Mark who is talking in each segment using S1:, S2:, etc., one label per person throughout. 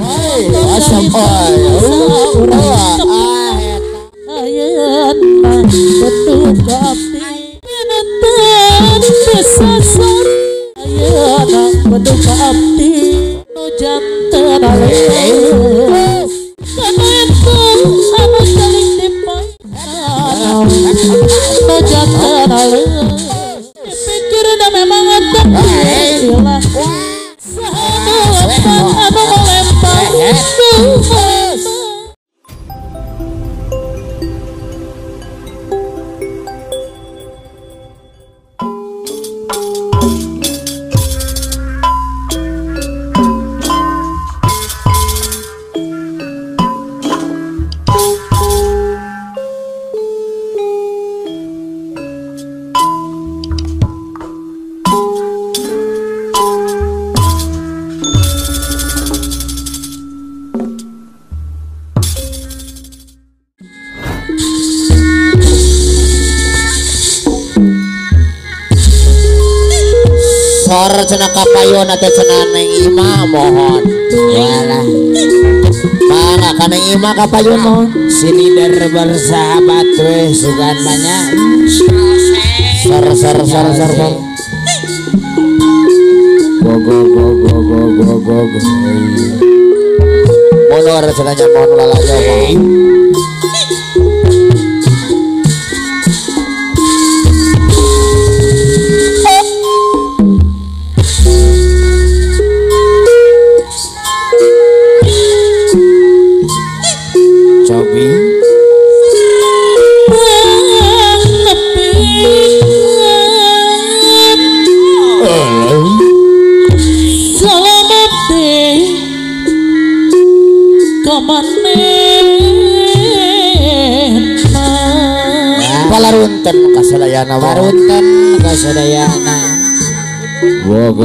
S1: Hey, awesome boy. 舒服。cenah kapayon atau cenah neng ima mohon walah mangga kaneng ima kapayon mohon sini dar bersahabat we sugan banyak sor sor sor sor sor go go go go go go go go mono recenanya ya, mohon lalajo mohon kaslayanana warutkan Kadayana bob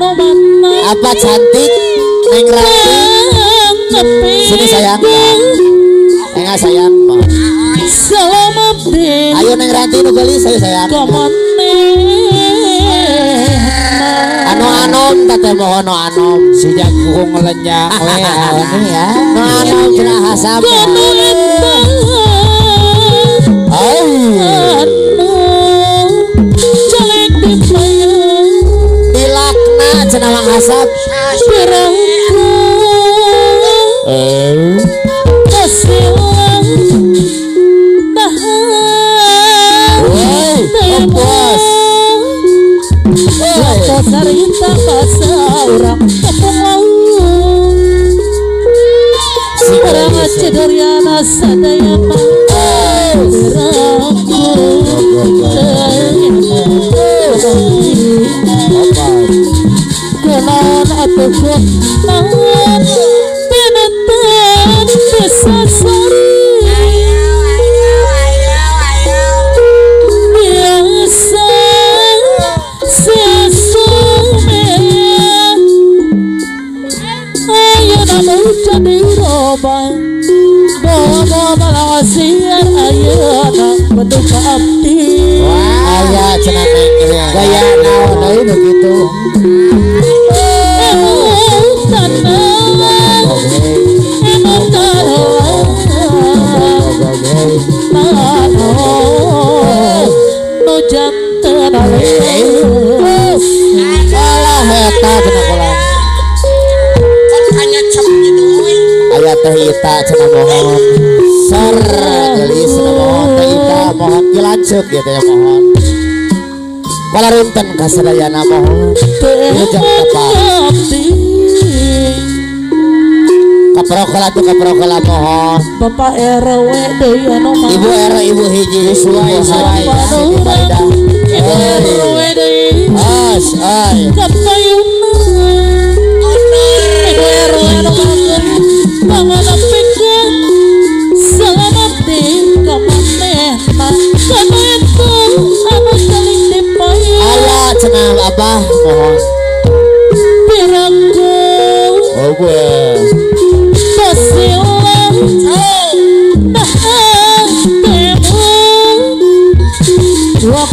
S1: apa cantik neng rapi sini sayang neng sayang ayo neng ranti nu beli saya sayang anu anom tete mohon no anom sejak kuku ngelenyang ini oh ya no anom cenah hasam nawa asap berangku kasihan bahan bebas Pasar kita pasar orang kepau Sekarang cederya Oh, oh, oh. Penetan Biasa Ayo nama ucap di Bawa-bawa abdi cenah gaya naon begitu hmm. mata cenah ulang ayat teh ita cenah mohon sar gelis cenah mohon teh ita mohon dilanjut ya teh mohon Walarunten kasadayana mohon jangan tepat keprokolat tuh keprokolat mohon Bapak RW deui anu Ibu RW ibu hiji suai suai Ibu RW deui As ai Kapayuna Ibu RW anu mah pangadap pikeun sangadap di kamanehna saling dipayu Allah cenah abah mohon Pirangku Oh gue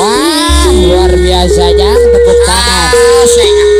S1: Wah, luar biasa ya tepuk tangan. Ah,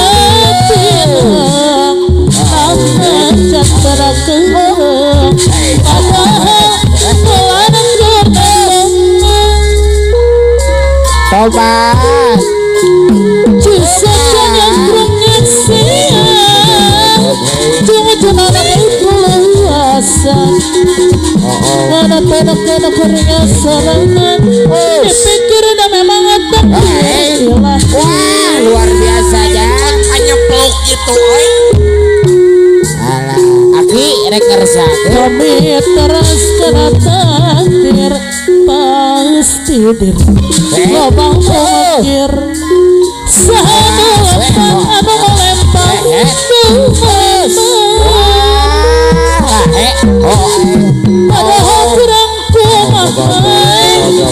S1: Napenda kuringa oh, Dipikir udah memang otak Wah luar biasa ya, Hanya peluk gitu oi Aki reker satu Kami terus kena takdir Pasti dir Lobang pengakir Sahabat Anu melempar Duh Oh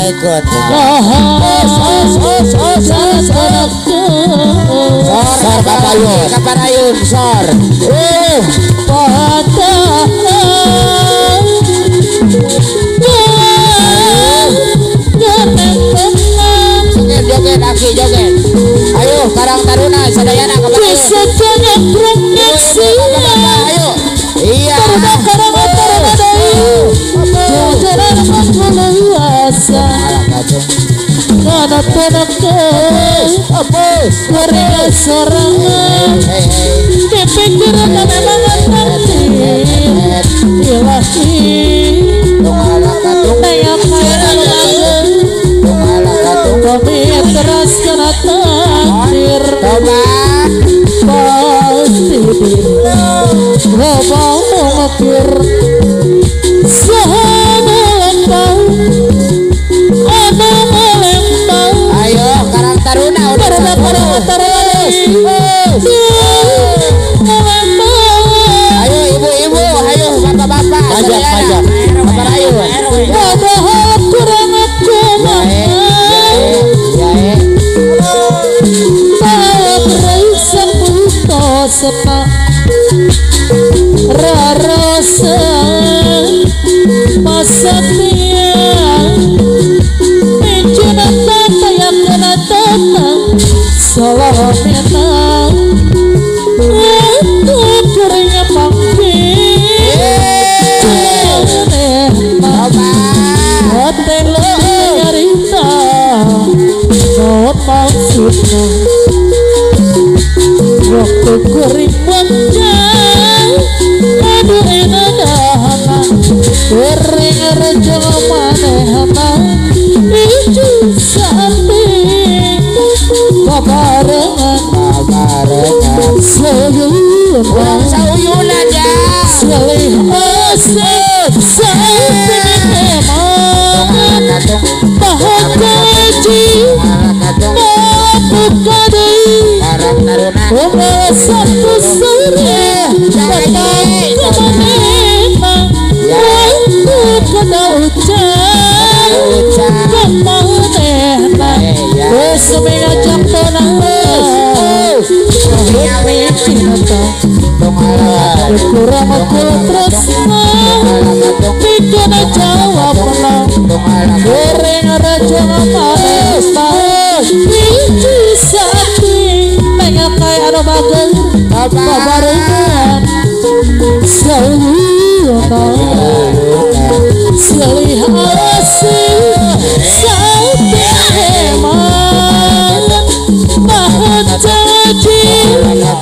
S1: Sor, sor, sor, sor, sor, sor, sor, sor, sor, sor, sor, sor, sor, sor, sor, Por el cerro! Waktu kuribun Adu dahana rejo manehana Icu Kabarengan Kabarengan Emang repente matar Procuramos contração Pequena tchau a bola O na da chama está Vinte e sete Venha cair no bagulho A barriga Seu eu Seu lindo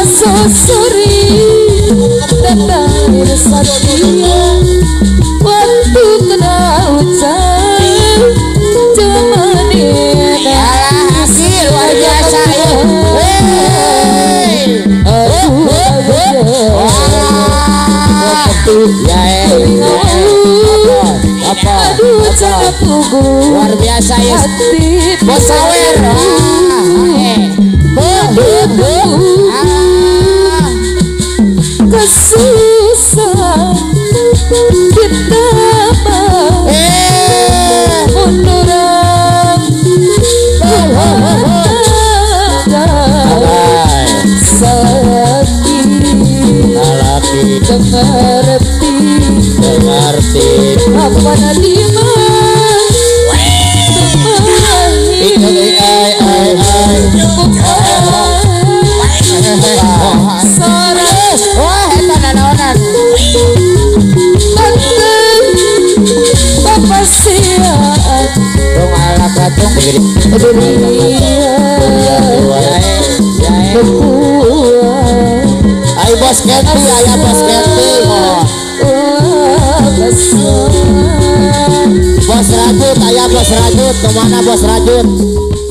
S1: susuri dan rasa waktu kenal hasil wajah saya. ya apa apa luar biasa ya bos sawer Ayo bos Keti, ayo bos Keti Bos Rajut, ayo bos Rajut Kemana bos Rajut